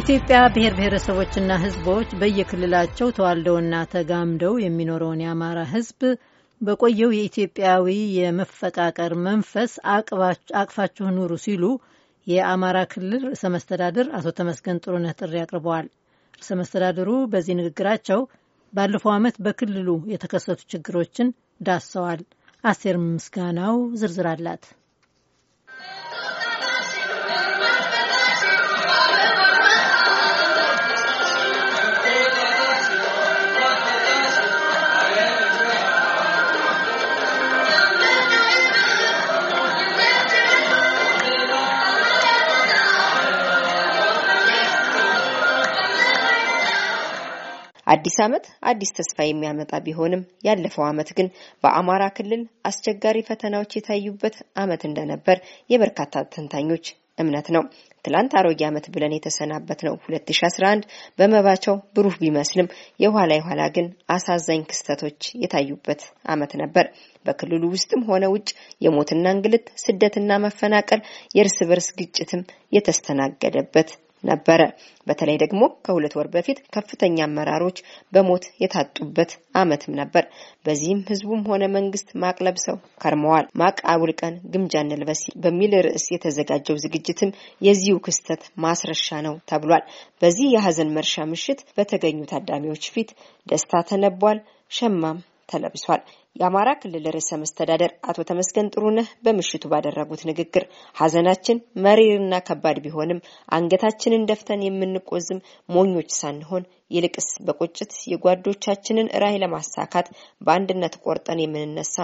ኢትዮጵያ ብሔር ብሔረሰቦችና ሕዝቦች በየክልላቸው ተዋልደውና ተጋምደው የሚኖረውን የአማራ ሕዝብ በቆየው የኢትዮጵያዊ የመፈቃቀር መንፈስ አቅፋችሁ ኑሩ ሲሉ የአማራ ክልል ርዕሰ መስተዳድር አቶ ተመስገን ጥሩነህ ጥሪ አቅርበዋል። ርዕሰ መስተዳድሩ በዚህ ንግግራቸው ባለፈው ዓመት በክልሉ የተከሰቱ ችግሮችን ዳሰዋል። አሴር ምስጋናው ዝርዝር አላት። አዲስ ዓመት አዲስ ተስፋ የሚያመጣ ቢሆንም ያለፈው ዓመት ግን በአማራ ክልል አስቸጋሪ ፈተናዎች የታዩበት ዓመት እንደነበር የበርካታ ተንታኞች እምነት ነው። ትላንት አሮጌ ዓመት ብለን የተሰናበት ነው 2011 በመባቻው ብሩህ ቢመስልም የኋላ የኋላ ግን አሳዛኝ ክስተቶች የታዩበት ዓመት ነበር። በክልሉ ውስጥም ሆነ ውጭ የሞትና እንግልት፣ ስደትና መፈናቀል፣ የእርስ በርስ ግጭትም የተስተናገደበት ነበረ። በተለይ ደግሞ ከሁለት ወር በፊት ከፍተኛ አመራሮች በሞት የታጡበት አመትም ነበር። በዚህም ህዝቡም ሆነ መንግስት ማቅ ለብሰው ከርመዋል። ማቅ አውልቀን ግምጃ እንልበስ በሚል ርዕስ የተዘጋጀው ዝግጅትም የዚሁ ክስተት ማስረሻ ነው ተብሏል። በዚህ የሀዘን መርሻ ምሽት በተገኙ ታዳሚዎች ፊት ደስታ ተነቧል። ሸማም ተለብሷል። የአማራ ክልል ርዕሰ መስተዳደር አቶ ተመስገን ጥሩነህ በምሽቱ ባደረጉት ንግግር ሀዘናችን መሪርና ከባድ ቢሆንም አንገታችንን ደፍተን የምንቆዝም ሞኞች ሳንሆን ይልቅስ በቁጭት የጓዶቻችንን ራዕይ ለማሳካት በአንድነት ቆርጠን የምንነሳ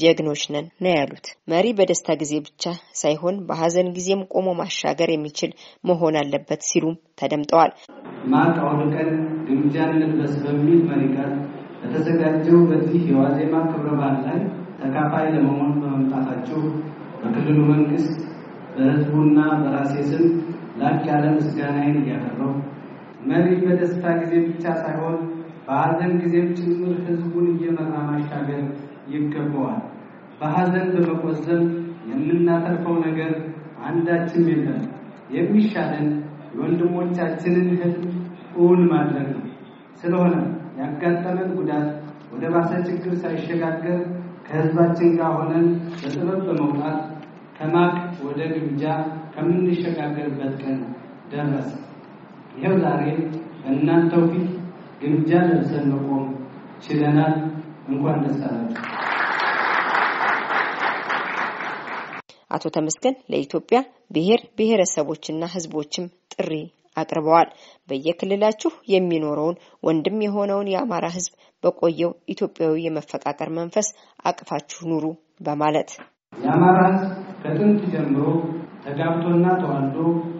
ጀግኖች ነን ነው ያሉት። መሪ በደስታ ጊዜ ብቻ ሳይሆን በሀዘን ጊዜም ቆሞ ማሻገር የሚችል መሆን አለበት ሲሉም ተደምጠዋል። ማቅ አውልቀን ግምጃ እንልበስ በሚል መሪ ቃል በተዘጋጀው በዚህ የዋዜማ ክብረ በዓል ላይ ተካፋይ ለመሆን በመምጣታችሁ በክልሉ መንግስት በህዝቡና በራሴ ስም ላቅ ያለ ምስጋናዬን እያቀረው መሪ በደስታ ጊዜ ብቻ ሳይሆን በሀዘን ጊዜም ጭምር ህዝቡን እየመራ ማሻገር ይገባዋል። በሀዘን በመቆዘም የምናተርፈው ነገር አንዳችም የለም። የሚሻለን የወንድሞቻችንን ህልም እውን ማድረግ ነው። ስለሆነ ያጋጠመን ጉዳት ወደ ባሰ ችግር ሳይሸጋገር ከህዝባችን ጋር ሆነን በጥበብ በመውጣት ከማቅ ወደ ግምጃ ከምንሸጋገርበት ቀን ደረሰ። ይኸው ዛሬ በእናንተው ፊት ግምጃ ለብሰን መቆም ችለናል። እንኳን ደስ አላችሁ። አቶ ተመስገን ለኢትዮጵያ ብሔር ብሔረሰቦችና ህዝቦችም ጥሪ አቅርበዋል። በየክልላችሁ የሚኖረውን ወንድም የሆነውን የአማራ ህዝብ በቆየው ኢትዮጵያዊ የመፈቃቀር መንፈስ አቅፋችሁ ኑሩ በማለት የአማራ ህዝብ ከጥንት ጀምሮ ተጋብቶና ተዋልዶ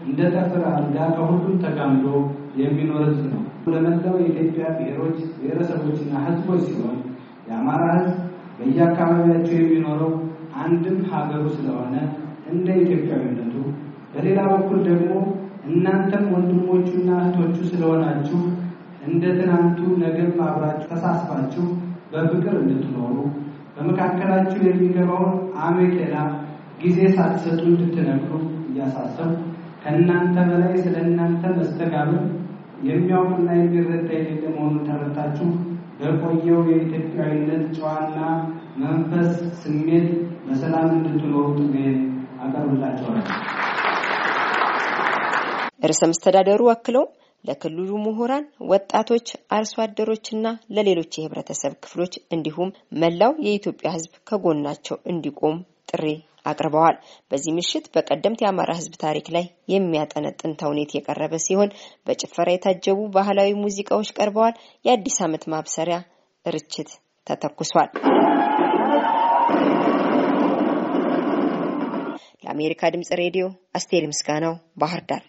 እንደ ጠፍር አልጋ ከሁሉም ተጋምዶ የሚኖር ህዝብ ነው። ለመላው የኢትዮጵያ ብሔሮች፣ ብሔረሰቦችና ህዝቦች ሲሆን የአማራ ህዝብ በየአካባቢያቸው የሚኖረው አንድም ሀገሩ ስለሆነ እንደ ኢትዮጵያዊነቱ በሌላ በኩል ደግሞ እናንተም ወንድሞቹና እህቶቹ ስለሆናችሁ እንደ ትናንቱ ነገር አብራችሁ ተሳስባችሁ በፍቅር እንድትኖሩ በመካከላችሁ የሚገባውን አሜኬላ ጊዜ ሳትሰጡ እንድትነግሩ እያሳሰቡ ከእናንተ በላይ ስለ እናንተ መስተጋብር የሚያውቅና የሚረዳ የሌለ መሆኑን ተረታችሁ በቆየው የኢትዮጵያዊነት ጨዋና መንፈስ ስሜት በሰላም እንድትኖሩ ጥሜን አቀርብላቸዋለሁ። ርዕሰ መስተዳደሩ አክለውም ለክልሉ ምሁራን፣ ወጣቶች፣ አርሶ አደሮችና ለሌሎች የህብረተሰብ ክፍሎች እንዲሁም መላው የኢትዮጵያ ህዝብ ከጎናቸው እንዲቆም ጥሪ አቅርበዋል። በዚህ ምሽት በቀደምት የአማራ ህዝብ ታሪክ ላይ የሚያጠነጥን ተውኔት የቀረበ ሲሆን በጭፈራ የታጀቡ ባህላዊ ሙዚቃዎች ቀርበዋል። የአዲስ ዓመት ማብሰሪያ ርችት ተተኩሷል። ለአሜሪካ ድምጽ ሬዲዮ አስቴር ምስጋናው ባህር ዳር